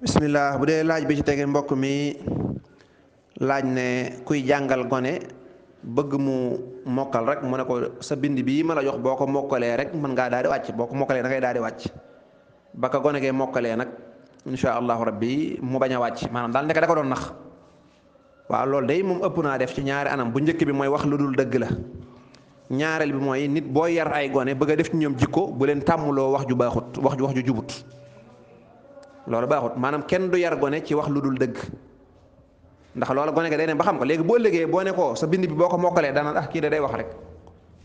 bismillah bu dee laaj bi ci tegee mbokk mi laaj ne kuy jàngal gone bëgg mu mokkal rek mu ne ko sa bind bii ma la jox boo ko mokkalee rek mën ngaa daal di wàcc boo ko mokkalee da ngay daal di wàcc ba ka gone mokkalee nag insha allahu rabbi mu bañ a wàcc maanaam daal nekk da ko doon nax waaw loolu day moom ëpp naa def ci ñaari anam bu njëkk bi mooy wax lu dul dëgg la ñaareel bi mooy nit boo yar ay gone bëgg def ci ñoom jikko bu leen tàmmuloo wax ju baaxut wax ju wax ju jubut loolu baaxut maanaam kenn du yar gone ci wax lu dul dëgg ndax loola gone ga day ne ba xam ko léegi boo liggéey boo ne koo sa bind bi boo ko mokkalee dana ah kii da day wax rek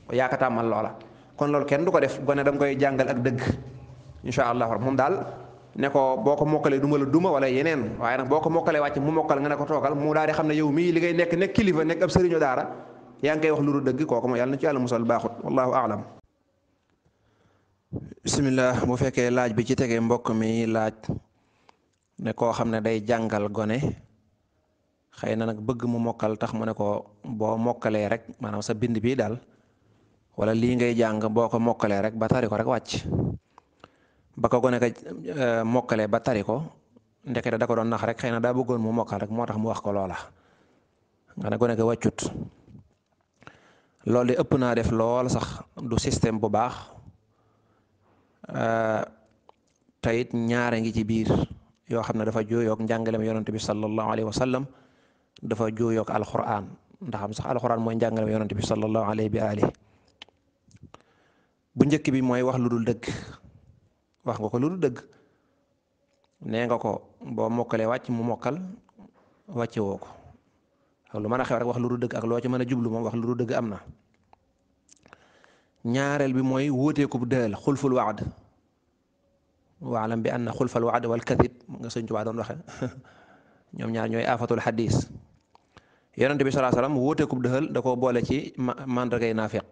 ko yaaka tàmmal loola kon loolu kenn du ko def gone da nga koy jàngal ak dëgg incha allah moom daal ne ko boo ko mokkalee duma la duma wala yeneen waaye nag boo ko mokkalee wàcc mu mokkal nga ne ko toogal mu daa di xam ne yow mii li ngay nekk nekk kilifa nekk ab sëriñu daara yaa ngi koy wax lu dul dëgg kooku moom yàlla na ci yàlla musal baaxut wallahu aalam bisimilah bu fekkee laaj bi ci tegee mbokk mi laaj ne koo xam ne day jàngal gone xëy na nag bëgg mu mokkal tax mu ne ko boo mokkalee rek maanaam sa bind bii daal wala lii ngay jàng boo ko mokkalee rek ba tari ko rek wàcc ba ko gone ka euh, mokkalee ba tari ko ndekete da ko doon nax rek xëy na daa bëggoon mu mokkal rek moo tax mu wax ko loola nga ne gone ka wàccut loolu de ëpp naa def lool sax du système bu baax euh, te ñaara ngi ci biir yoo xam ne dafa juuyoog njàngalem yonante bi sallallahu alayhi wa sallam dafa juuyoog alquran ndax ndaxam sax alquran mooy njàngalem yonante bi sallallahu alayhi bi alihi bu njëkk bi mooy wax lu dul dëgg wax nga ko lu dëgg nee nga ko boo mokkalee wàcc mu mokkal wàcce woo ko ak lu man a xew rek wax lu dul dëgg ak loo ci mën a jublu moom wax lu dëgg am na ñaareel bi mooy wóoteeku bu dël xulful waad waalam bi anna xulfal waad wal kadib nga sëñ Tuubaa doon waxe ñoom ñaar ñooy afatul xadis yonent bi salaa salaam wuute kub dëxal da koo boole ci mandargay naafiq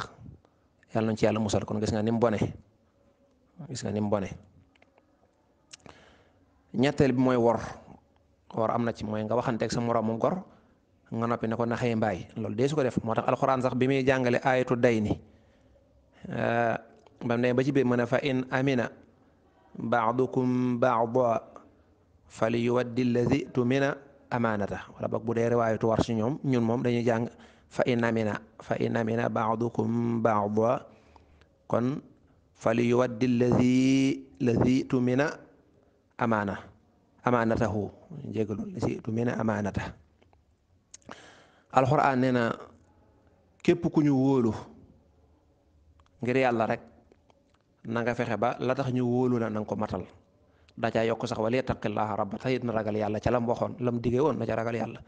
yàlla nañ ci yàlla musal kon nga ni mu bone gis nga ni bi mooy wor am na ci mooy nga waxanteeg sa moroomu gor nga noppi ne ko naxee mbaay loolu dee su def moo tax alxuraan sax bi muy jàngale aayatu day ni eh, bam ba ci biir mu fa in amina baadukum baada falyuwaddi allazi tumina amaanata wala boog bu dee riwaayatu war si ñoom ñun moom dañuy jàng fa in amina fa in amina baadukum baada kon falyuwaddi allazi lazi tumina amaana amaanatahu jégalu lazi tumina amaanata alxuraan nee na képp ku ñu wóolu ngir yàlla rek nanga fexe ba la tax ñu wóolu la na ko matal da yokk sax wala yattaqillaaha rab te it na ragal yàlla ca lam waxoon lam digee woon na ca ragal yàlla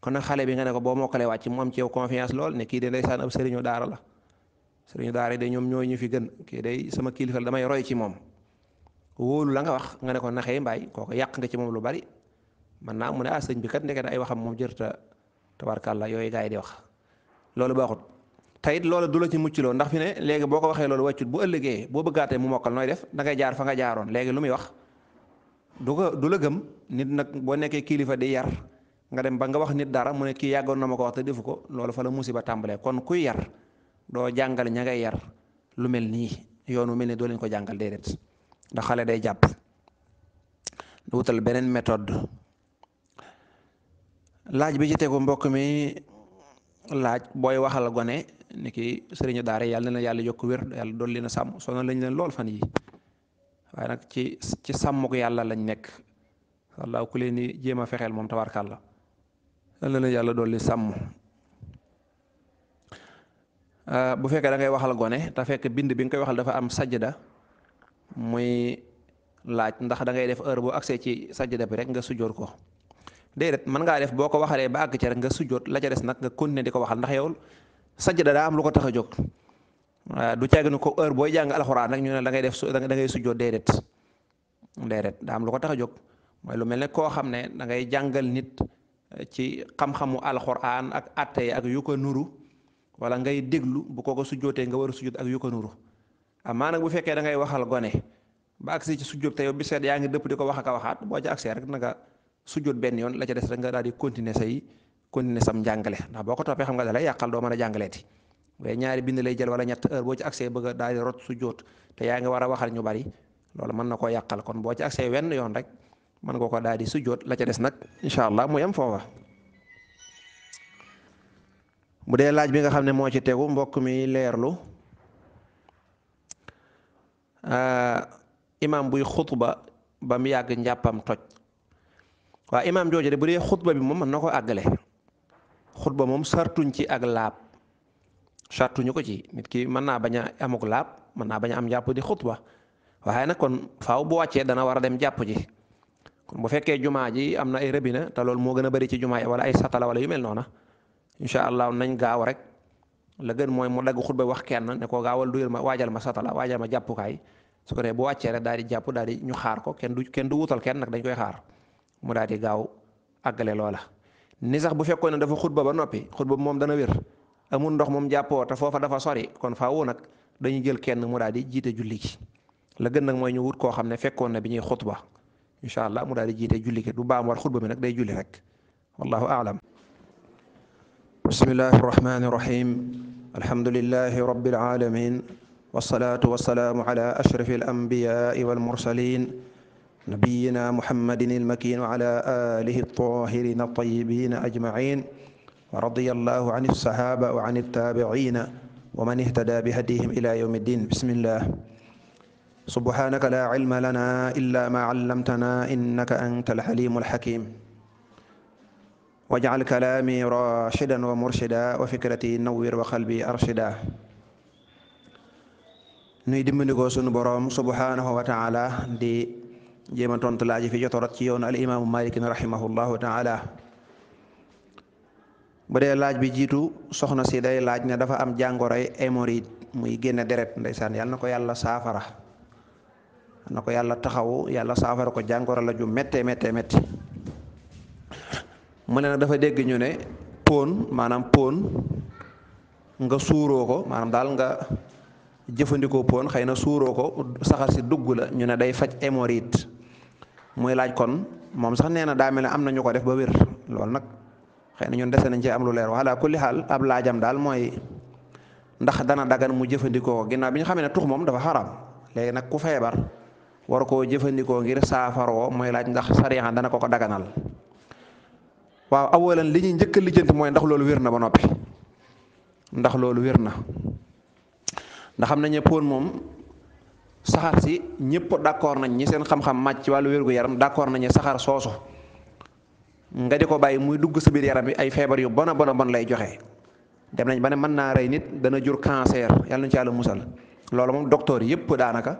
kon nag xale bi nga ne ko boo mokkalee wàcc mu am ci yow confiance lool ne kii de ndeysaan ab sëriñu daara la sëriñu daara de ñoom ñooy ñu fi gën kii day sama kilifa la damay roy ci moom wóolu la nga wax nga ne ko naxee mbaay kooku yàq nga ci moom lu bari man naa mu ne ah sëñ bi kat ndeke ay waxam moom jërta tabarkàlla yooyu gaa di wax loolu te it du la ci muccloo ndax fi ne léegi boo ko waxee loolu wàccut bu ëllëgee boo bëggaatee mu mokkal nooy def da ngay jaar fa nga jaaroon léegi lu muy wax du ko du la gëm nit nag boo nekkee kilifa di yar nga dem ba nga wax nit dara mu ne kii yàggoon na ma ko wax defu ko loolu fa la musiba tàmbalee kon kuy yar doo jàngal ña ngay yar lu mel nii yoonu mel ni doo leen ko jàngal déedéet ndax xale day jàpp wutal beneen méthode laaj bi ci tegu mbokk mi laaj booy waxal gone ni ki sëriñu daara yàlla na leen yàlla yokk wér yàlla dool leen a sàmm sonal lañ leen lool fan yi waaye nag ci ci sàmm yàlla lañ nekk wallaaw ku jéem a fexeel moom tabarkàlla yàlla na leen yàlla dool li sàmm ah, bu fekkee da ngay waxal gone te fekk bind bi nga koy waxal dafa am sajda muy laaj ndax da ngay def heure boo accès ci sajda bi rek nga sujjoor ko déedéet mën ngaa def boo ko waxalee ba àgg ci rek nga sujjoot la ca des nag nga continuer di ko waxal ndax yow sajda daa am lu ko tax a jóg waaw du caagin ko heure booy jàng alxuraan rek ñu ne da ngay def su da ngay sujjoo déedéet déedéet daa am lu ko tax a jóg mooy lu mel ne koo xam ne da ngay jàngal nit eh, ci xam-xamu alxuraan ak atte ak yu ko nuru wala ngay déglu bu ko ko sujjootee nga war a sujjoot ak yu ko nuru amaa nag bu fekkee da ngay waxal gone ba agsi ci sujjoot te yow bi seet yaa ngi dëpp di ko wax ak a waxaat boo ca agsee rek na nga sujjoot benn yoon la ca des rek nga daal di continuer say kon continuer sam njàngale ndax boo ko toppee xam nga da lay yàqal doo mën a jàngaleeti waaye ñaari bind lay jël wala ñett heure boo ci accès bëgg a daal di rot su te yaa ngi war a waxal ñu bari loolu mën na koo yàqal kon boo ci accès wenn yoon rek mën nga ko daal di su jóot la ca des nag incha allah mu yem foofa bu dee laaj bi nga xam ne moo ci tegu mbokk mi leerlu imam buy xutba ba mu yàgg njàppam toj waaw imaam jooju de bu dee xutba bi moom mën na ko àggale xutba moom sartuñ ci ak laab sartuñu ko ci nit ki mën naa bañ a amuk laab mën naa bañ am jàpp di xutba waaye nag kon faaw bu wàccee dana war a dem jàpp ji kon fekkee jumaa ji am na ay rëbina te loolu moo gën a ci jumaa yi wala ay satala wala yu mel noona incha allah nañ gaaw rek la gën mooy mu dagg xutba wax kenn ne ko gaawal duyal ma waajal ma satala waajal ma jàppukaay su ko wàccee rek daal di jàpp daal di ñu xaar kenn du kenn du wutal kenn dañ koy xaar mu daal di gaaw àggale loola. ni sax bu fekkoon ne dafa xutba ba noppi xutba moom dana wér amul ndox moom jàppoo foofa dafa sori kon faawu nag dañuy jël kenn mu daal di jiite julli gi nag mooy ñu koo xam ne fekkoon na bi ñuy xutba incha allah mu daal di jiite julli du baam war xutba bi nag day julli rek wallahu aalam bismillahi arrahmani irrahim alhamdulilahi rabbil alamin wasalaatu wasalaamu ala ashrafi al anbiyaai wal نبينا محمد المكين وعلى آله الطاهرين الطيبين أجمعين ورضي الله عن الصحابة وعن التابعين ومن اهتدى بهديهم إلى يوم الدين بسم الله سبحانك لا علم لنا إلا ما علمتنا إنك أنت الحليم الحكيم واجعل كلامي راشدا ومرشدا وفكرتي نور وقلبي أرشدا nuy dimbandikoo sunu boroom subhaanahu wa taala di jéema tontu laaj fi jotorot ci yoonu al imaamu malikin rahimahullahu taala bu dee laaj bi jiitu soxna si day laaj ne dafa am jàngoroy hémorroïde muy génne deret ndeysaan yal na ko yàlla saafara na ko yàlla taxawu yàlla saafara ko jàngoro la ju méttee méttee métti mu ne na dafa dégg ñu ne pon maanaam pon nga suuroo ko maanaam daal nga jëfandikoo pon xëy na suuroo ko saxar si dugg la ñu ne day faj hémorroïde mooy laaj kon moom sax nee na daa mel ne am na ñu ko def ba wér loolu nag xëy na ñun dese nañ cee am lu leer wala kulli xaal ab laajam daal mooy ndax dana dagan mu jëfandikoo ginnaaw bi ñu xamee ne tux moom dafa xaraam léegi nag ku feebar war koo jëfandikoo ngir saafaroo mooy laaj ndax sariya dana ko ko daganal waaw awalan li ñuy njëkk a lijjanti mooy ndax loolu wér na ba noppi ndax loolu wér na ndax xam nañ ne moom. saxaar si ñëpp d'accord nañ ñi seen xam-xam màcc ci wàllu wér-gu-yaram d'accord nañ ne saxaar soosu nga di ko bàyyi muy dugg sa biir yaram bi ay feebar yu bona bona bon lay joxe dem nañ ba ne mën naa rey nit dana jur cancer yàlla nañ ci yàlla musal loolu moom docteur yëpp daanaka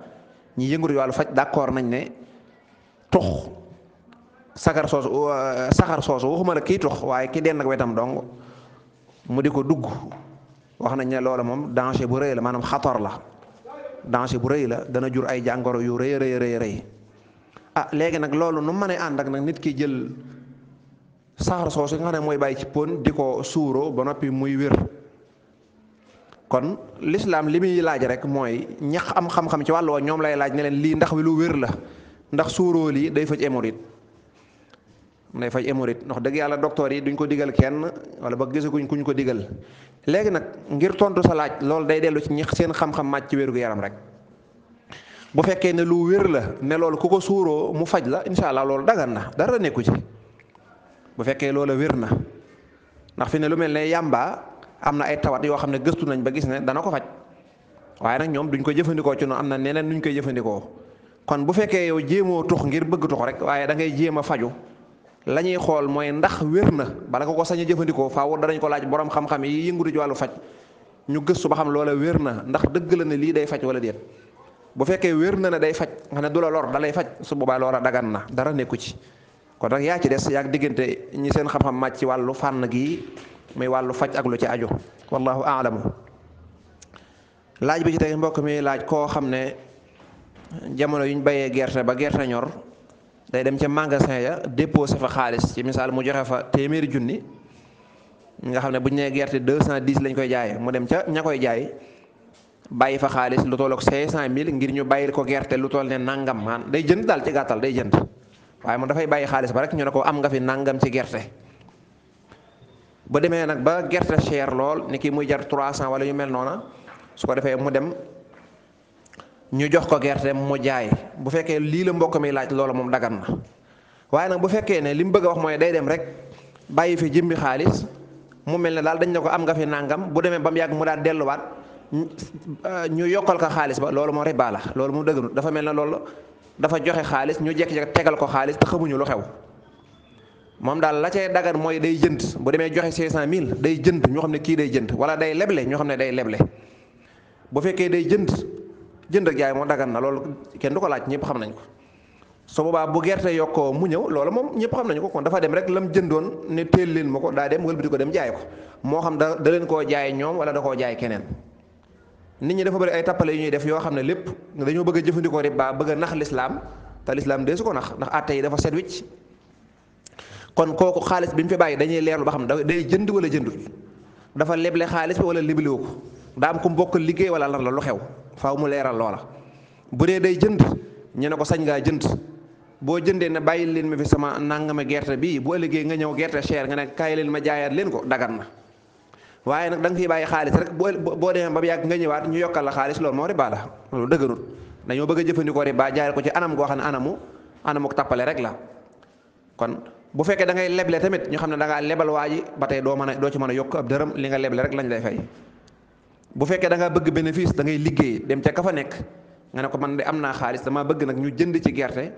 ñi yëngatu wàllu faj d'accord nañ ne tux saxaar soosu euh, saxaar soosu waxuma la kii tux waaye ki denn ak wetam dong mu di ko dugg wax nañ ne loolu moom danger bu rëy la maanaam xator la danger bu rëy la dana jur ay jàngoro yu rëy rëy rëy rëy ah léegi nag loolu nu mu ànd ak nag nit ki jël saxar soosu nga xam ne mooy bàyyi ci pon di ko suuroo ba noppi muy wér kon lislaam li muy laaj rek mooy ñax am xam-xam ci wàllu wa ñoom lay laaj ne leen lii ndax wi lu wér la ndax suuroo lii day faj émorite mu lay faj hémorroïde ndax dëgg yàlla docteur yi duñ ko digal kenn wala ba gisaguñ kuñ ko digal léegi nag ngir tontu sa laaj loolu day dellu ci ñi seen xam-xam màcc ci wér gu yaram rek. bu fekkee ne lu wér la ne loolu ku ko suuroo mu faj la incha loolu dagan na dara nekku ci bu fekkee loola wér na ndax fi ne lu mel ne yàmba am na ay tawat yoo xam ne gëstu nañ ba gis ne dana ko faj waaye nag ñoom duñ ko jëfandikoo ci noonu am na neneen nuñ koy jëfandikoo kon bu fekkee yow jéemoo tux ngir bëgg tux rek waaye da ngay jéem a faju la ñuy xool mooy ndax wér na bala nga ko sañ a jëfandikoo faaw danañ ko laaj boroom xam-xam yi yëngutu ci wàllu faj ñu gëstu ba xam loola wér na ndax dëgg la ne lii day faj wala déet bu fekkee wér na ne day faj nga ne du la lor da faj su boobaa loola dagan na dara nekku ci kon nag yaa ci des yaa diggante ñi seen xam-xam màcc ci wàllu fànn gi muy wàllu faj ak lu ci aju wallahu aalamu laaj bi ci tey mbokk mi laaj koo xam ne jamono yuñ bayee gerte ba gerte ñor. day dem ca magasin ya déposé fa xaalis ci misaal mu joxe fa téeméeri junni nga xam ne bu ñu nee gerte deux cent dix lañ koy jaayee mu dem ca ña koy jaay bàyyi fa xaalis lu toll ak cinq cent mille ngir ñu bàyyil ko gerte lu toll ne nangam maan day jënd daal ci gàttal day jënd waaye mu dafay bàyyi xaalis ba rek ñu ne ko am nga fi nangam ci gerte. bu demee nag ba gerte cher lool ni kii muy jar trois cent wala ñu mel noona su ko defee mu dem. ñu jox ko gerte mu jaay bu fekkee lii la mbokk mi laaj loola moom dagan na waaye nag bu fekkee ne li mu bëgg a wax mooy day dem rek bàyyi fi jimbi xaalis mu mel ne daal dañ ne ko am nga fi nangam bu demee ba mu yàgg mu daal delluwaat euh, ñu yokkal ko xaalis ba loolu moo riba la loolu mu dëgganut dafa mel ne loolu dafa joxe xaalis ñu jekk-jekk tegal ko xaalis te xamuñu lu xew moom daal la cay dagan mooy day jënd bu demee joxe 500000 day jënd ñoo xam ne kii day jënd wala day leble ñoo xam ne day leble bu fekkee day jënd. jënd ak jaay moo dagan na loolu kenn du ko laaj ñëpp xam nañ ko su boobaa bu gerte yokkoo mu ñëw loolu moom ñëpp xam nañu ko kon dafa dem rek lam jëndoon ne teel leen ma ko daa dem wëlbati ko dem jaay ko moo xam da da leen koo jaay ñoom wala da koo jaay keneen nit ñi dafa bëri ay tappale yu ñuy def yoo xam ne lépp dañoo bëgg a jëfandikoo baa bëgg a nax lislaam te lislaam dee su ko nax ndax àtte yi dafa set wicc kon kooku xaalis bi mu fi bàyyi dañuy leerlu ba xam day jënd wala jëndul dafa leble xaalis bi wala lebliwu ko daa am ku mbokk liggéey wala lan la lu xew faaw mu leeral loola bu dee day jënd ñu ne ko sañ ngaa jënd boo jëndee ne bàyyi leen ma fi sama nangama gerte bii bu ëllëgee nga ñëw gerte cher nga ne kay leen ma jaayaat leen ko dagan na waaye nag da nga fiy bàyyi xaalis rek boo boo demee ba yàgg nga ñëwaat ñu yokkal la xaalis loolu moo riba la loolu dëgganut dañoo bëgg a jëfandikoo riba jaare ko ci anam goo xam ne anamu anamu tappale rek la kon bu fekkee da ngay tamit ñu xam ne da ngaa lebal ba tey doo mën a doo ci mën yokk ab dërëm li nga leble rek lañ lay fay bu fekkee dangaa bëgg bénéfice dangay liggéey dem ca ka fa nekk nga ne ko man de am naa xaalis damaa bëgg nag ñu jënd ci gerte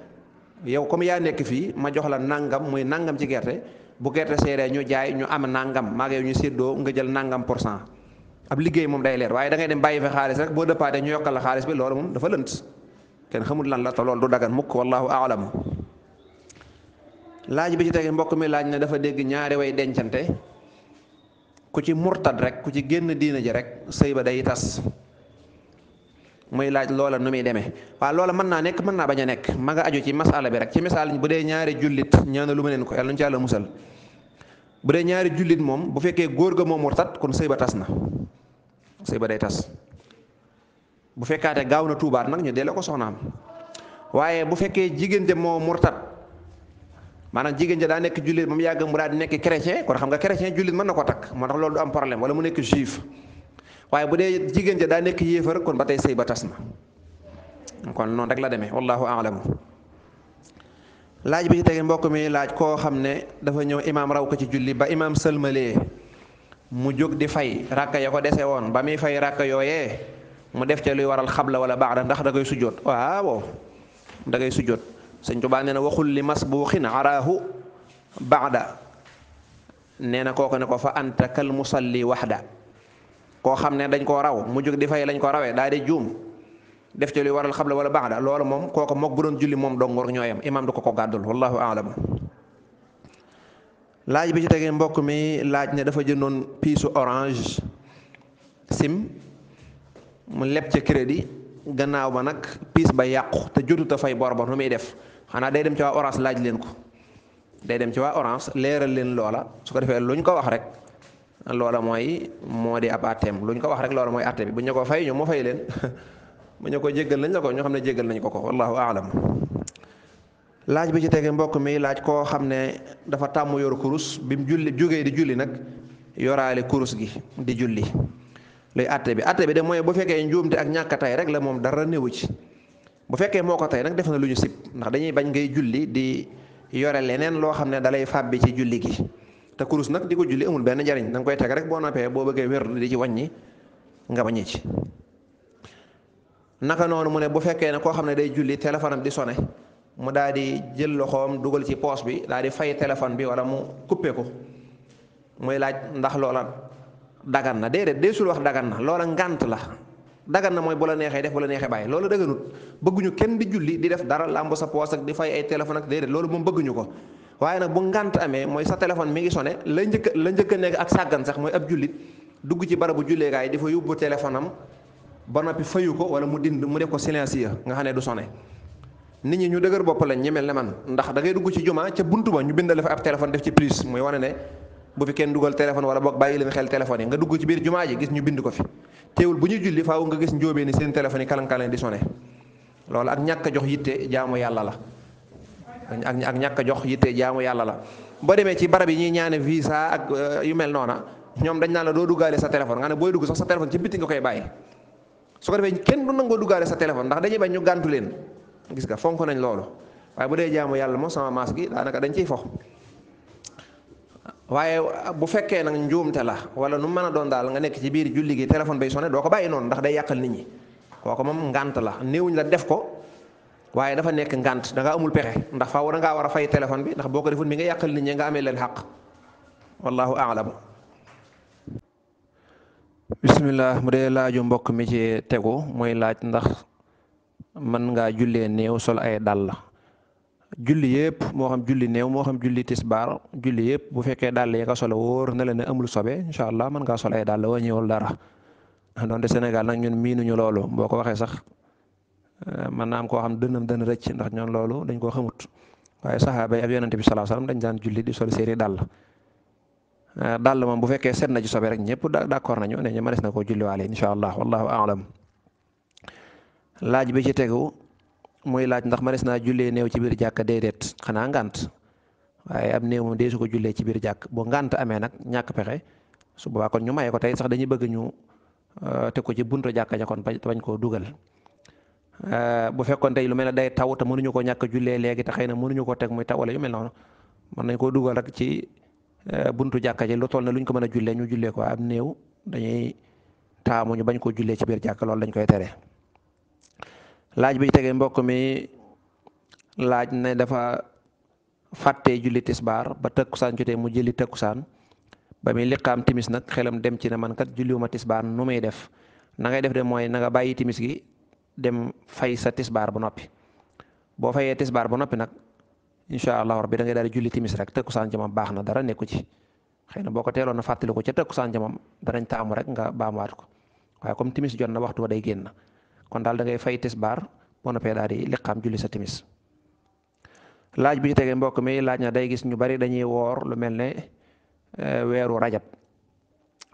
yow comme yaa nekk fii ma jox la nangam muy nangam ci gerte bu gerte seeree ñu jaay ñu am nangam mag ngi ñu séddoo nga jël nangam pour cent ab liggéey moom day leer waaye da dem bàyyi fa xaalis rek boo dëppaatee ñu yokkal la xaalis bi loolu moom dafa lënt kenn xamul lan la te lool du dagan mukk wallahu aalam laaj bi ci tege mbokk mi laaj ne dafa dégg ñaari way dencante ku ci murtad rek ku ci génn diina ji rek sëy ba day tas muy laaj loola nu muy demee waaw loola mën naa nekk mën naa bañ a nekk ma nga aju ci masala bi rek ci misaal bu dee ñaari jullit ñaana lu ma leen ko yàlla ñu ci yàlla musal bu dee ñaari jullit moom bu fekkee góor ga moo murtad kon sëy ba tas na sëy ba day tas bu fekkaate gaaw na tuubaat nag ñu delloo ko soxnaam waaye bu fekkee jigéen moo murtad maanaam jigéen ja daa nekk jullit ba mu yàgg mu daal di nekk chrétien kon xam nga chrétien jullit mën na ko takk moo tax loolu du am problème wala mu nekk juif waaye bu dee jigéen ja daa nekk yéefar kon ba tey sëy ba tas na kon noonu rek la demee wallahu alamu laaj bi ci tege mbokk mi laaj koo xam ne dafa ñëw imaam raw ko ci julli ba imaam sëlmalee mu jóg di fay ràkka ya ko dese woon ba muy fay ràkka yooyee mu def ca luy waral xabla wala baax da ndax da koy sujjoot waaw da ngay sujjoot sëñ Tuubaa nee na waxul li mas buuxin araahu baada nee na koo ko ne ko fa anta kal musalli waxda koo xam ne dañ koo raw mu jóg di fay lañ ko rawee daa di juum def ci lu waral xabla wala baada loolu moom kooku mook bu doon julli moom dong war ñooyam imaam du ko ko gàddul wallahu aalam laaj bi ci tegee mbokk mi laaj ne dafa jëndoon piisu orange sim mu leb ca crédit gannaaw ba nag piis ba yàqu te jotu ta fay bor nu muy def xanaa day dem ci waa orange laaj leen ko day dem ci waa orange leeral leen loola su ko defee luñ ko wax rek loola mooy moo di ab àtteem luñ ko wax rek loola mooy àtte bi bu ñu ko fay ñu mu fay leen bu ñu ko jéggal nañ la ko ñoo xam nañ ko ko wallahu bi ci tege mbokk mi laaj koo xam ne dafa tàmm yor kurus bi mu julli jógee di julli nag yoraale kurus gi di julli luy atte bi àtte bi de mooy bu fekkee njuumte ak ñàkk rek la moom dara néewu ci. bu fekkee moo ko tey nag def na lu ñu sib ndax dañuy bañ ngay julli di yore leneen loo xam ne dalay bi ci julli gi te kurus nag di ko julli amul benn njariñ da nga koy teg rek boo noppee boo bëggee wér di ci wàññi nga bañee ci naka noonu mu ne bu fekkee ne koo xam ne day julli téléphone di sone mu daal di jël loxoom dugal ci poos bi daal di fay téléphone bi wala mu coupé ko muy laaj ndax loola dagan na déedéet day sul wax dagan na loola ngànt la dagan na mooy bu la neexee def bu la neexee bàyyi loolu dëgganut bëgguñu kenn di julli di def dara làmb sa poos ak di fay ay téléphone ak déedéet loolu moom bëgguñu ko waaye nag bu ngànt amee mooy sa téléphone mi ngi sone la njëkk la njëkk a nekk ak sàggan sax mooy ab jullit dugg ci barabu julleekaay dafa yóbbu téléphone am ba noppi fayu ko wala mu dind mu def ko silencieux nga xam ne du sone nit ñi ñu dëgër bopp lañ ñi mel ne man ndax dangay dugg ci jumaa ca buntu ba ñu bindale fa ab téléphone def ci plus muy wane ne bu fi kenn dugal téléphone wala boo bàyyi leen xel téléphone yi nga dugg ci biir jumaa ji gis ñu bind ko fi teewul bu ñuy julli faaw nga gis njóobee ni seen téléphone yi kalan-kalan di sone loolu a jox ak ñàkk a jox yitte jaamu yàlla la boo demee ci barab yi ñuy ñaane visa ak euh, yu mel noona ñoom dañ naan la doo duggaale sa téléphone nga ne booy dugg sax sa téléphone ci nga koy bàyyi su ko defee kenn du nangoo duggaale sa téléphone ndax dañuy bañ ñu gàntu leen gis nga fonk nañ loolu waaye bu dee jaamu yàlla moo sama maas gi daanaka dañ ciy fox waaye uh, bu fekkee nag njuumte la wala nu mën a doon daal nga nekk ci biir julli gi téléphone bay sonné doo ko bàyyi noonu ndax day yàqal nit ñi kooku moom ngant la néewuñ la def ko waaye dafa nekk ngant danga amul pexe ndax faaw da ngaa war fay téléphone bi ndax boo ko defoon mi nga yàqal nit ñi nga amee leen xaq wallahu aalam bismillah mu dee laaju mbokk mi ci tegu muy laaj ndax mën ngaa jullee néew sol ay dàll julli yëpp moo xam julli néew moo xam julli tisbaar julli yëpp bu fekkee dàll yi nga solo wóor na la ne amul sobe incha allah mën ngaa solo ay dàll wàññiwul dara ah, donte Sénégal nag ñun miinuñu loolu boo ko waxee sax eh, mën naa koo xam dënam dana rëcc ndax ñoon loolu dañ koo xamut waaye saxaaba yi ab yonante bi salaa salaam dañ daan julli di sol seeni dàll eh, daal moom bu fekkee set na ci sobe rek ñëpp d'accord nañu ne ñu mënees na koo julliwaale incha allah wallahu aalam laaj bi ci tegu mooy laaj ndax manes naa jullee néew ci biir jàkk déedéet xanaa ngant waaye am néew moom dee ko jullee ci biir jàkk boo ngant amee nag ñàkk pexe su ko ñu maye ko tey sax dañuy bëgg ñu euh, teg ko ci buntu jàkka ja bañ koo dugal euh, bu fekkoon tey lu mel ne day taw mënuñu ko ñàkk jullee léegi te xëy na mënuñu ko teg muy taw wala yu mel noonu mën nañ koo dugal rek ci euh, buntu jàkka ji lu toll ne luñ ko mën a jullee ñu jullee ko am néew dañuy taamu ñu bañ ko jullee ci biir jàkk loolu lañ koy tere laaj bi tege mbokk mi laaj ne dafa fàttee julli tisbaar ba takkusaan jotee mu jëli takkusaan ba muy liqaam timis nag xelam dem ci ne man kat julliwuma tisbaar nu muy def na ngay def de mooy na nga bàyyi timis gi dem fay sa tisbaar ba noppi boo fayee tisbaar ba noppi nag incha allah rabbi da ngay daal di julli timis rek takkusaan ja moom baax na dara nekku ci xëy na boo ko teeloon a fàttaliku ca takkusaan ja moom danañ taamu rek nga baamuwaat ko waaye comme timis jot na waxtu wa day génn kon daal dangay ngay fay tisbaar boo noppee daal di liqaam julli sa timis laaj bi ci mbokk mi laaj na day gis ñu bari dañuy woor lu mel ne eh, weeru rajab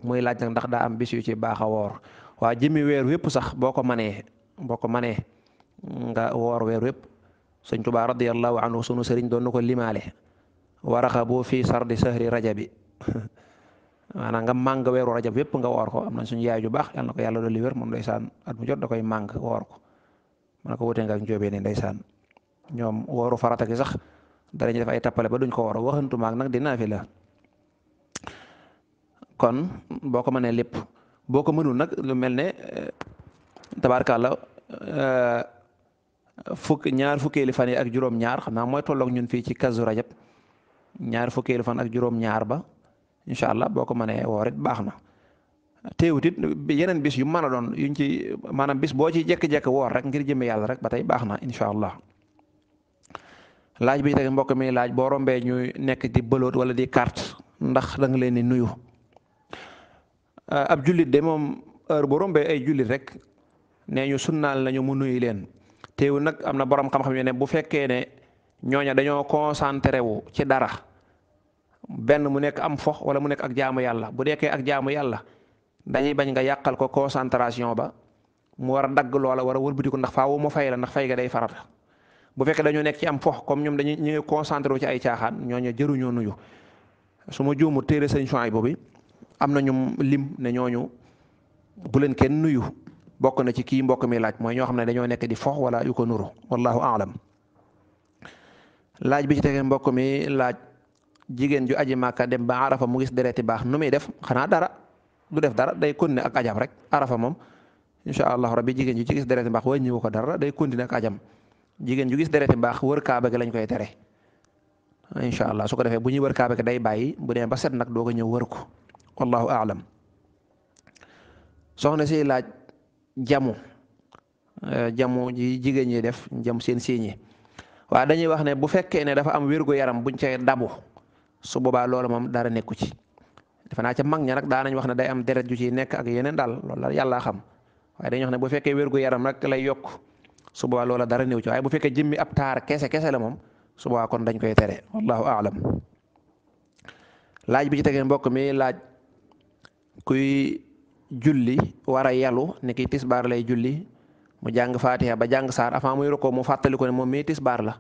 muy laaj nag ndax daa am bis yu ci baax a woor waa jëmmi weer wépp sax boo ko manee boo ko manee nga woor weer wépp sëñ Tuubaa radiyallahu anhu sunu sëriñ doon na ko limaale waraxa boo fii sardi sahri rajabi maanaam nga màng weeru rajab yépp nga woor ko am na suñu yaay ju baax yal na ko yàlla dolli wér moom ndeysaan at mu da koy màng woor ko mën ko wutee nga ak njóobee ne ndeysaan ñoom wooru farata gi sax danañ def ay tappale ba duñ ko woor waxantu maag nag dinaa fi la kon boo ko mënee lépp boo ko mënul nag lu mel ne eh, tabaarkàlla eh, fukk ñaar fukkeeli fan ak juróom xam naa mooy ñun fii ci kazu rajab ñaar fan ak juróom-ñaar ba. incha allah boo ko manee woor baax na teewut it yeneen bis yu mën a doon yuñ ci maanaam bis boo ci jékki-jékki woor rek ngir jëmee yàlla rek ba tey baax na incha allah laaj bi teg mbokk mi laaj boo rombee nekk di bëloot wala di carte ndax dang nga leen di nuyu ab jullit de moom heure bu rombee ay jullit rek nee ñu sunnaal nañu mu nuyu leen teewul nag am na borom xam-xam yu ne bu fekkee ne ñooña dañoo concentré wu ci dara. benn mu nekk am fox wala mu nekk ak jaamu yàlla bu nekkee ak jaamu yàlla dañuy bañ nga yàqal ko concentration ba mu war a dagg loola war a wëlbatiku ndax faawu ma fay la ndax fay nga day farata bu fekkee dañoo nekk ci am fox comme ñoom dañuy ñu ngi concentré wu ci ay caaxaan ñooñu jëruñoo nuyu su ma juumul téere sëñ Chouaïb boobu am na ñu lim ne ñooñu bu leen kenn nuyu bokk na ci kii mbokk mi laaj mooy ñoo xam ne dañoo nekk di fox wala yu ko nuru wallahu aalam laaj bi ci tege mbokk jigéen ju aji màkka dem ba arafa mu gis dereti baax nu muy def xanaa dara du def dara day continuer ak ajam rek arafa moom incha allah rabbi jigéen ju ci gis dereti baax way ñëw ko dara day continuer ajam jigéen ju gis dereti baax wër kaaba gi lañ koy tere incha allah su ko defee bu ñuy wër kaaba gi day bàyyi bu demee ba set nag doo ñëw wër ko wallahu aalam soxna si laaj jamu euh, jamu ji jigéen ñi def jam seen siiñi waa dañuy wax ne bu fekkee ne dafa am wérgu yaram buñ cay dabu su boobaa loola moom dara nekku ci defe naa ca mag ña nag daanañ wax ne day am deret ju ci nekk ak yeneen daal loolu la yàllaa xam waaye dañuy wax ne bu fekkee wérgu yaram rek lay yokk su boobaa loola dara néew ci waaye bu fekkee jëmmi ab taar kese kese la moom su boobaa kon dañ koy tere wallahu aalam laaj bi ci tege mbokk mi laaj kuy julli war a yalu ni ki tisbaar lay julli mu jàng faatiha ba jàng saar avant muy roko mu fàttali ko ne moom mii tisbaar la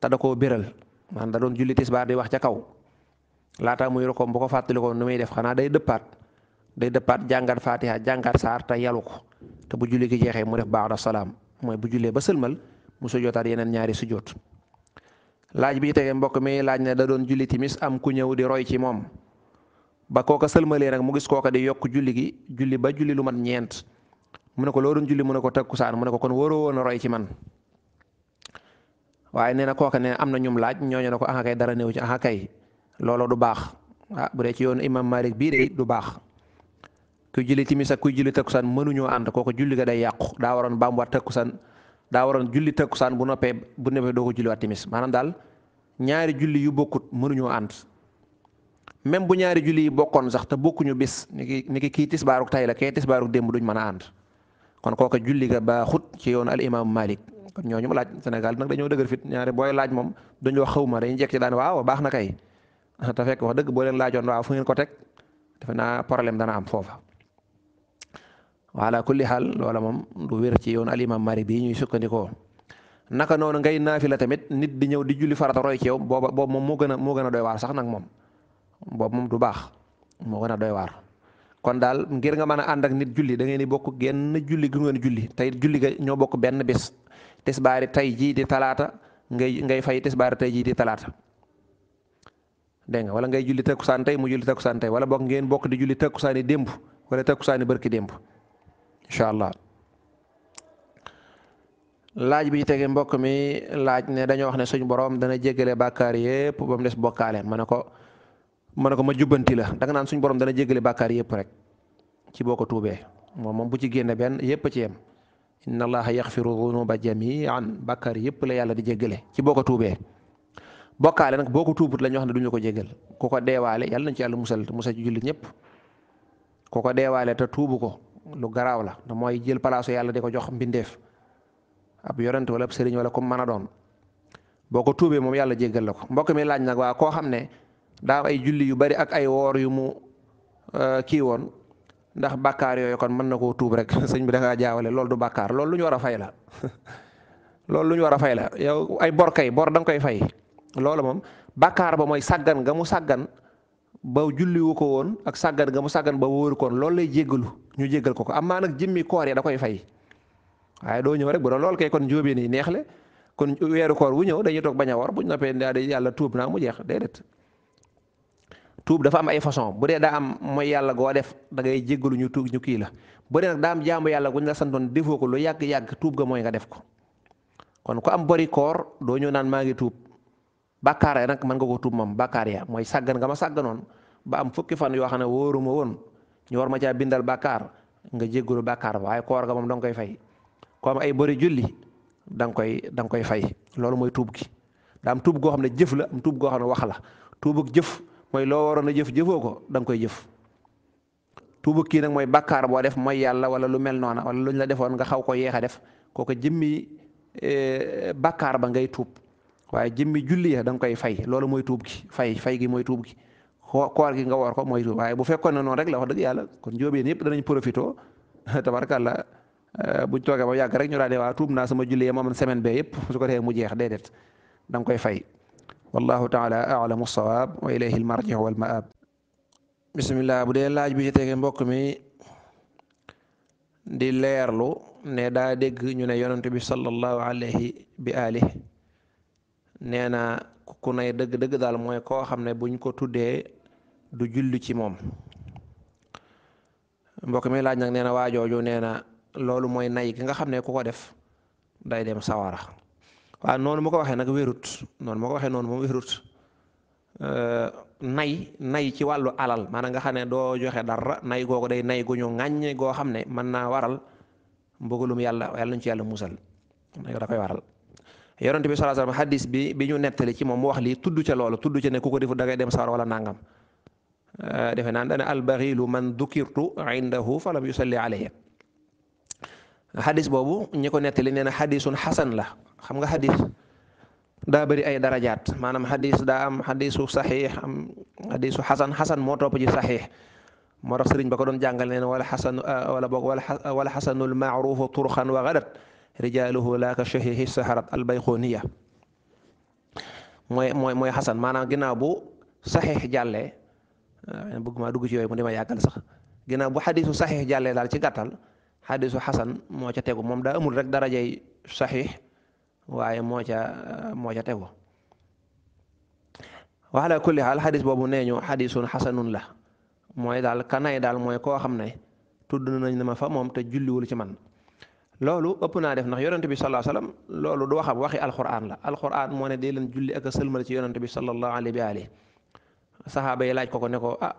te da koo biral maanaam da doon julli tisbaar di wax ca kaw laataa muy rokoom bu ko fàttalikoo nu muy def xanaa day dëppaat day dëppaat jàngat faatiha jàngat saar te yalu ko te bu julli gi jeexee mu def baax da salaam mooy bu jullee ba sëlmal mu sujjootaat yeneen ñaari sujjoot laaj bi te mbokk mi laaj ne da doon julli timis am ku ñëw di roy ci moom ba kooka sëlmalee nag mu gis kooka di yokk julli gi julli ba julli lu mat ñeent mu ne ko loo doon julli mu ne ko takkusaan mu ne ko kon waroo woon a roy ci man waaye nee na kooka ne am na ñum laaj ñooñu ne ko ah dara néew ci ah kay looloo du baax ah bu dee ci yoon imam malik bii de du baax ku julli timis ak kuy julli takkusaan mënuñoo ànd kooku julli ga day yàqu daa waroon bambuwaat takkusaan daa waroon julli takkusaan bu noppee bu noppee doo ko julliwaat timis daal ñaari julli yu bokkut mënuñoo ànd même bu ñaari julli yi bokkoon sax te bokkuñu bis niki niki kii tisbaaruk tay la kee tisbaaruk démb duñ mën a ànd kon kooka julli ga baaxut ci yoon al imam malik kon ñooñu ma laaj Sénégal nag dañoo dëgër fit ñaari booy laaj moom dañoo xaw ma dañuy jekk daan waaw baax na kay te fekk wax dëgg boo leen laajoon waaw ko teg defe naa problème dana am foofa wala kulli xaal loola moom du wér ci yoon alimam mari bi ñuy sukkandikoo naka noonu ngay naafila tamit nit di ñëw di julli farata roy ci booba moom moo gën moo gën a doy waar sax nag moom boobu moom du baax moo gën a doy waar kon daal ngir nga mën a ànd ak nit julli da ngeen di bokk genn julli gu ngeen julli tey julli ga ñoo bokk benn bis tisbaari tey jii di talaata ngay ngay fay tisbaari tey jii di talaata dégg nga wala ngay julli takkusaan tey mu julli takkusaan tey wala bokk ngeen bokk di julli takkusaani démb wala takkusaani barki démb incha allah laaj bi ci tege mbokk mi laaj ne dañoo wax ne suñu borom dana jéggale bàkkaar yëpp ba mu des bokkaale ma ne ko ma ne ko ma jubbanti la danga naan suñu borom dana jéggale bàkkaar yëpp rek ci boo ko tuubee moom moom bu ci génne benn yëpp ci yem inna allaha yaxfiru dunuba jamian bàkkaar yëpp la yàlla di jéggale ci boo ko tuubee bokkaale nag boo ko tuubut la ñoo xam ne duñu ko jégal ku ko deewaale yàlla nañ ci yàlla musal musal ci jullit ñëpp ku ko deewaale te tuubu ko lu garaaw la te mooy jël palaasu yàlla di ko jox mbindeef ab yorant wala ab sëriñ wala kum mën a doon boo ko tuubee moom yàlla jéggal la ko mbokk mi laaj nag waa koo xam ne daa ay julli yu bari ak ay woor yu mu euh, kii woon ndax bàkkaar yooyu kon mën na koo tuub rek sëñ bi da ngaa jaawale loolu du bàkkaar loolu lu ñu war a fay la loolu lu ñu war a fay la yow ay bor kay koy fay. loolu moom bàkkaar ba mooy sàggan nga mu sàggan ba julliwu ko woon ak sàggan nga mu sàggan ba wóoru koon lool lay jéggalu ñu jéggal ko ko am maa nag da koy fay waaye doo ñëw rek bu doon kon jóobeen yi neex le kon weeru koor wu ñëw dañuy toog war buñ noppee daa di yàlla tuub naa mu jeex déedéet tuub dafa am ay façon bu dee daa am mooy yàlla goo def da ngay jéggalu ñu ñu kii la bu dee nag yàlla guñ la santoon defoo ko lu yàgg-yàgg tuub ga mooy nga def ko am bori koor doo ñëw naan maa ngi tuub bàkkaar ya nag mën nga ko tuub moom bàkkaar ya mooy sàggan nga ma sàgganoon ba am fukki fan yoo xam ne wóoruma woon ñu war ma caa bindal bàkkaar nga jéggulu bàkkaar waaye koor ga moom da koy fay ko am ay bëri julli da koy da nga koy fay loolu mooy tuub ki daa am goo xam ne jëf la tuub goo xam ne wax la tuubug jëf mooy loo waroon a jëf jëfoo ko da koy jëf tuubug kii nag mooy bàkkaar boo def mooy yàlla wala lu mel noona wala lu ñu la defoon nga xaw ko yeex a def kooku jëmmi eh, bàkkaar ba ngay tuub waaye jëmmi julli ya danga koy fay loolu mooy tuub gi fay fay gi moy tuub gi koor gi nga woor ko mooy tuub waaye bu fekkoon ne noonu rek la wax dëgg yàlla kon njóobeen yëpp danañ profité tabarkàlla eh, buñ toogee ba yàgg rek ñu daal waa tuub naa sama julli ya ma amoon semaine bee yëpp ko mu jeex déedéet da danga koy fay wallahu taala alamu sawaab wa ilayhi almarjiu wal maab bismillah bu dee laaj bi ci tege mbokk mi di leerlu ne daal dégg ñu ne yonent bi sallallahu alayhi bi alihi nee na ku nay dëgg-dëgg daal mooy koo xam ne ñu ko tuddee du julli ci moom mbokk mi laaj nag nee na waa nee na loolu mooy nay ki nga xam ne ku ko def day dem sawara waaw noonu mu ko waxee nag wérut noonu mu ko waxee noonu moom wérut nay nay ci wàllu alal maanaam nga xam ne doo joxe dara nay googu day nay gu ñu ŋàññ goo xam ne mën naa waral mbugalum yàlla yàlla nañ ci yàlla musal nay da koy waral yonent bi sallallahu alayhi bi bi ñu nettali ci moom mu wax lii tudd ca loolu tudd ca ne ku ko defu da ngay dem sawar wala nangam euh, defe naan dana albaxilu man dukirtu indahu falam yusalli alayya hadis boobu ñi ko nettali nee na hadisun xasan la xam nga hadis daa bëri ay darajaat maanaam hadis daa am hadisu saxiix am xasan xasan moo topp ci saxiix moo tax sëriñ ba ko doon jàngal nee wala xasanu wala boog wala xasanul maaruufu turxan wa gadat rijaaluhu laaka shahihi saharat albayqoniya mooy mooy mooy xasan maanaam ginnaaw bu saxiix jàllee bëgg maa dugg ci yooyu mu dima yàggal sax ginnaaw bu xadiisu saxiix jàllee daal ci gàttal xadiisu xasan moo ca tegu moom daa amul rek darajay saxiix waaye moo ca moo ca tegu wa ala kulli xaal xadis boobu nee ñu xadisun xasanun la mooy daal kanay daal mooy koo xam ne tudd nañ ne ma fa moom te julliwul ci man loolu ëpp naa def ndax yonent bi sallallahu alayhi wa sallam loolu du waxam waxi alquran la alquran moo ne dee leen julli ak a sëlmal ci yonent bi sallallahu alayhi wa alihi laaj ko ko ne ko ah,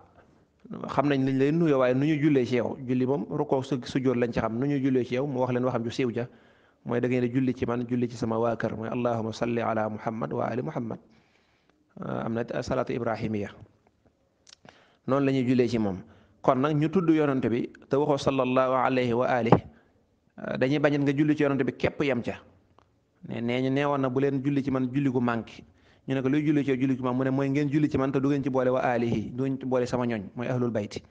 xam nañ lañ lay nuyoo waaye nu ñu jullee ci yow julli su sujjóot lañ ci xam nu ñu jullee ci yow wax leen waxam ju siiw ja mooy da julli ci man julli ci sama waa kër mooy allahumma salli ala muhammad wa ali muhammad ah, am na salaatu ibrahimiya noonu la ñuy jullee ci moom kon nag ñu tudd yonent bi te waxoo sallallahu alayhi wa alihi Euh, dañuy bañet nga julli ci yonante bi képp yam ca ne ne ñu neewoon na leen julli ci man julli gu manqué ñu ne ko luy julli ci julli ci man mooy ngeen julli ci man te du ngeen ci boole wa alihi du ngeen ci boole sama ñooñ mooy ahlul bayti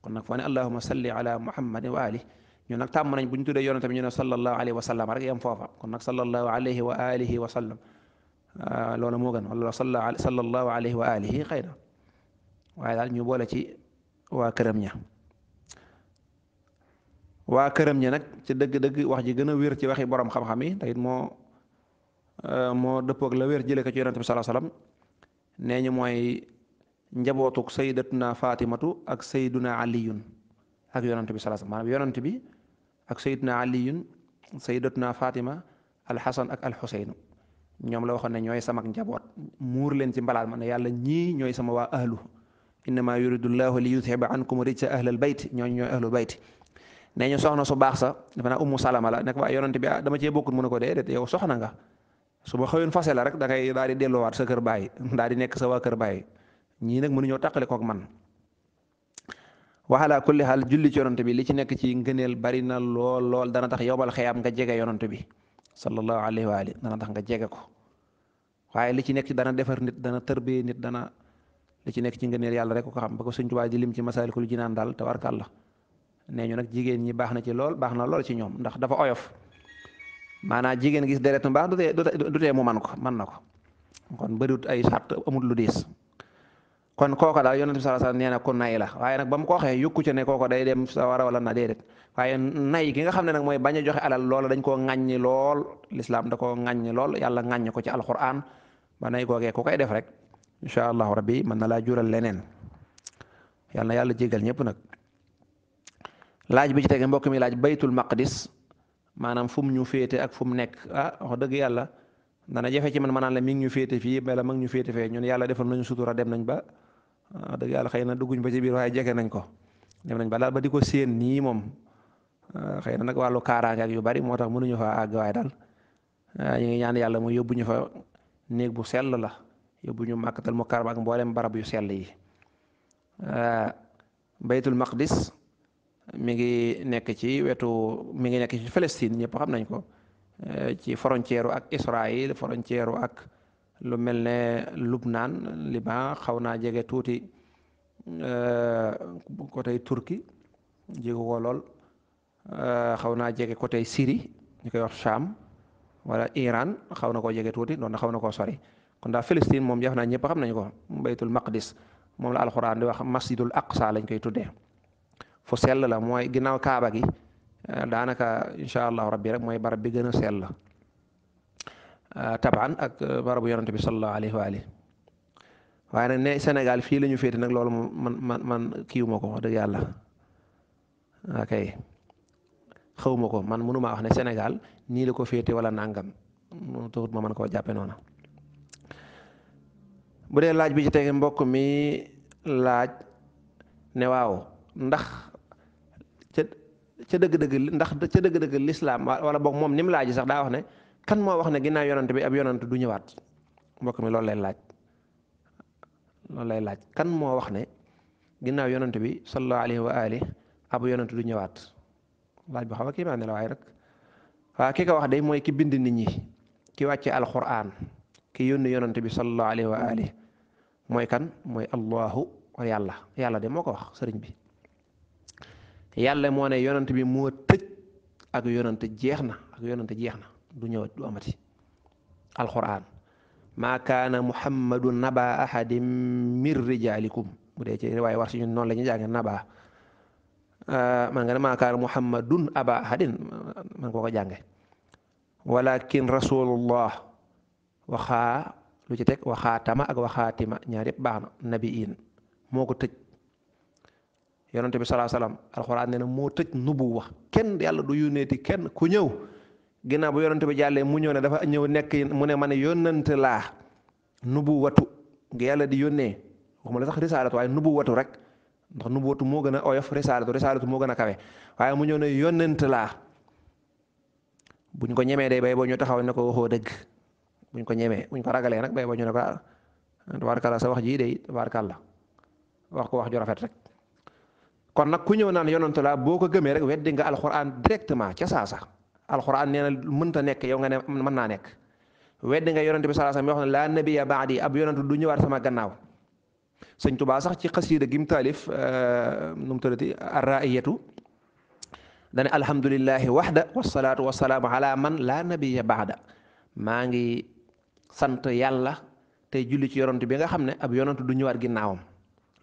kon nag foo ne allahuma salli ala muhammadin wa alihi ñu nag tàmm nañ bu ñu tuddee yonante bi ñu ne sallallahu alayhi wa sallam rek yem foofa kon nag sallallahu alayhi wa alihi wa sallam loolu moo gën wala sallallahu alayhi wa alihi xëy na waaye daal ñu boole ci waa këram ña waa këram ñi nag ci dëgg-dëgg wax ji gën a wér ci waxi borom xam-xam yi te it moo euh, moo dëppoog la wér jële ko ci yonent bi salaa salaam nee ñu mooy njabootuk saydatuna fatimatu ak sayduna aliyun ak yonent bi salaa salaam maanaam bi ak sayduna aliyun saydatuna fatima alxasan ak alxuseynu ñoom la waxoon ne ñooy sama njaboot muur leen ci mbalaat ma ne yàlla ñii ñooy sama waa ahlu innama yuridu llahu li yuthiba ankum rijsa ahlal bayt ñooñ ñooy ahlul bayt nee ñu soxna su baax sa dafa naa ummu salama nekk waaye yonante bi ah dama cee bokkut mu ne ko déedéet yow soxna nga su ma xëyoon fase la rek da ngay daal di delluwaat sa kër baay daal di nekk sa waa kër baay ñii nag mënuñoo tàqale koog man waxalaa kulli xaal julli ci bi li ci nekk ci ngëneel bari na lool lool dana tax yowbal xeyaam nga jege yonante bi sallallahu alayhi wa ali dana tax nga jege ko waaye li ci nekk ci dana defar nit dana tërbee nit dana li ci nekk ci ngëneel yàlla rek ko xam ba daal te war di nee ñu nag jigéen ñi baax na ci lool baax na lool ci ñoom ndax dafa oyof maanaam jigéen gis deret mu baax du tee mu man ko man na ko kon bëriwut ay sart amut lu diis kon kooko daal yonent bi sallallahu alayhi wasallam nee na ku nay la waaye nag ba mu ko waxee yukku ci ne kooko day dem sawara wala na déedéet waaye nay gi nga xam ne nag mooy bañ a joxe alal loola dañ koo ŋàññi lool lislaam da koo ŋàññi lool yàlla ŋàññi ko ci alquran ba nay googee ko koy def rek incha allahu rabbi mën na laa jural leneen yàlla jégal ñëpp nag laaj bi ci tege mbokk mi laaj baytul maqdis maanaam fu mu ñu féete ak fu mu nekk a ah, wax dëgg yàlla dana jafe ci man ma naan la mi ñu féete fii mela ma ñu féete fe ñun yàlla defal nañu sutura dem nañ ba ah, wax dëgg yàlla xëy na dugguñ ba ci biir waaye jege nañ ko dem nañ ba daal ba di ko séen nii moom ah, xëy na nag wàllu kaaraange ak yu bari moo tax mënuñu fa àgg waaye daal ñu ngi ñaan yàlla mooy yóbbu ñu fa néeg bu sell la yóbbu ñu màkkatal mu karba ak mboolem barab yu sell yi baytul maqdis mi ngi nekk ci wetu mi ngi nekk ci Palestine ñëpp xam nañ ko eh, ci frontière ak Israël frontière ak lu mel ne Lubnaan Liban xaw naa jege tuuti eh, côté Turquie jegu ko lool eh, xaw naa jege côté Syrie ñu koy wax Sham wala Iran xaw na koo jege tuuti noonu xaw na koo sori kon daal Palestine moom jafe naa ñëpp xam nañ ko baytul maqdis moom la alxuraan di wax saa aqsa lañ koy tuddee fu sell la mooy ginnaaw kaaba gi eh, daanaka incha allahu rabbi rek mooy barab bi gën a sell eh, tabaan ak eh, barabu yonante bi sallallahu alayhi wa waaye ne Sénégal fii lañu ñu féete nag loolu man man man kiiwuma ko wax dëgg yàlla ok xawma ko man mënumaa wax ne senegal nii la ko féete wala nangam mu taxut ma mën koo jàppe noona bu dee laaj bi ci tege mbokk mi laaj ne waaw ndax ca ca dëgg-dëgg ndax ca dëgg-dëgg lislaam wala boog moom ni mu laaj sax daa wax ne kan moo wax ne ginnaaw yonante bi ab yonante du ñëwaat mbokk mi loolu lay laaj lay laaj kan moo wax ne ginnaaw yonante bi sallallahu alayhi wa ali ab yonante ñëwaat laaj bu xaw a kii maa waaw ki ko wax de mooy ki bind nit ñi ki wàcce alquran ki yónni yonante bi sallallahu alayhi wa ali mooy kan mooy allahu yàlla yàlla de moo ko wax sëriñ bi yàlla moo ne yonent bi moo tëj ak yonent jeex na ak yonent jeex na du ñëwat du amati alquran maa kaana muhammadu naba ahadin min rijalikum bu dee ci riwaay war si ñu noonu la ñuy jànge naba ah, man nga ne maa kaana muhammadun aba ahadin man koo ko jànge walakin rasulullah waxaa lu ci teg waxaatama ak waxaatima ñaar yëpp baax na nabiin moo ko tëj yonente bi salaa salaam alxuraan nee na moo tëj nubuwa kenn yàlla du yónnee ti kenn ku ñëw ginnaaw bu yonente bi jàllee mu ñëw ne dafa ñëw nekk mu ne ma ne yónnante laa nubuwatu nga yàlla di yónnee waxuma la sax risaalatu waaye nubuwatu rek ndax nubuwatu moo gën a oyof risaalatu risaalatu moo gën a kawe waaye mu ñëw ne yónnante laa buñ ko ñemee day bay boo ñu taxaw ne ko waxoo dëgg buñ ko ñemee buñ ko ragalee rek bay boo ñu ne ko ah, tabaarkalla sa wax jii day tabaarkalla wax ko wax ju rafet rek. kon nag ku ñëw naan yonantu laa boo ko gëmee rek weddi nga alxuraan directement ca saasa alxuraan nee na mënta nekk yow nga ne mën naa nekk weddi nga yonante bi sallallahu alayhi wasallam laa nabiya ba'di ab yonantu du ñëwaat sama gannaaw sëñ Tubaa sax ci xasiida gim taalif euh, nu mu tuddati arraiyatu dane alhamdulillahi waxda wasalaatu wasalaamu ala man laa nabiya ba'da maa ngi sant yàlla tey julli ci yonant bi nga xam ne ab yonantu du ñëwaat ginnaawam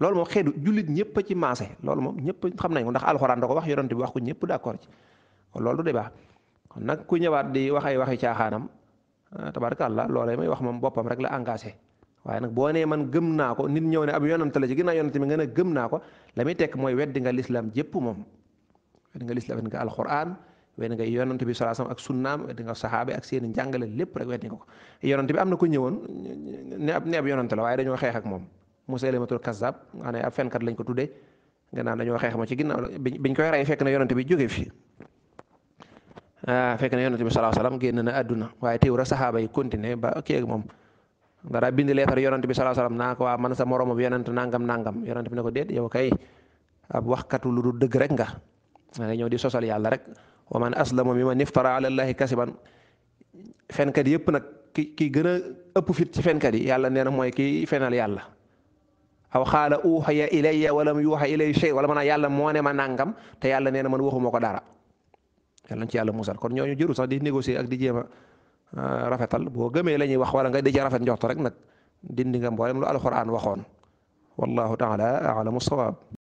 loolu moom xeetu jullit ñëpp a ci maase loolu moom ñëpp xam nañ ko ndax alxuraan da ko wax yonent bi wax ko ñëpp d'accord ci kon nag ku ñëwaat di wax ay waxi caaxaanam ah, tabarakàllah loolee may wax moom boppam rek la engagé waaye nag boo nee man gëm naa ko nit ñëw ne ab yonent la ci ginnaaw yonent mi nga ne gëm naa ko la tekk mooy weddi nga lislaam jëpp moom weddi nga lislaam weddi nga alxuraan weddi nga yonent bi salaasam ak sunnaam weddi nga saxaabe seen njàngale lépp rek weddi nga ko yonent bi am na ko ñëwoon ne ab ne ab la waaye dañu xeex ak moom Musaylimatul Kazzab nga xam ne ab fenkat lañ ko tuddee gannaaw dañoo xeex ma ci ginnaaw biñ koy rey fekk na yonent bi jóge fii ah, fekk na bi sallallahu alayhi wasallam génn na àdduna waaye teew rek saxaaba yi continuer ba moom dara bind leetar yonent bi sallallahu alayhi wasallam naa ko waa man sa moroomam yonent nangam nangam yonent bi ne ko déet yow kay ab waxkatu lu dul dëgg rek nga da ngay ñëw di sosal yàlla rek wa man aslama mimman iftara ala llahi kasiban fenkat yëpp nag ki ki gën ëpp fit ci fenkat yi yàlla nee na mooy kii fenal yàlla aw xaala uxaya ilayya wala mu yuxa ilay shay wala man yàlla moo ne ma nangam te yàlla nee na man waxuma ko dara yàlla ci yàlla musal kon ñooñu jëru sax di négocier ak di jéem a ah, rafetal boo gëmee la ñuy wax wala nga di ca rafet njoxtu rek nag dindi nga mboolem lu alquran waxoon wallahu taala alamu sawaab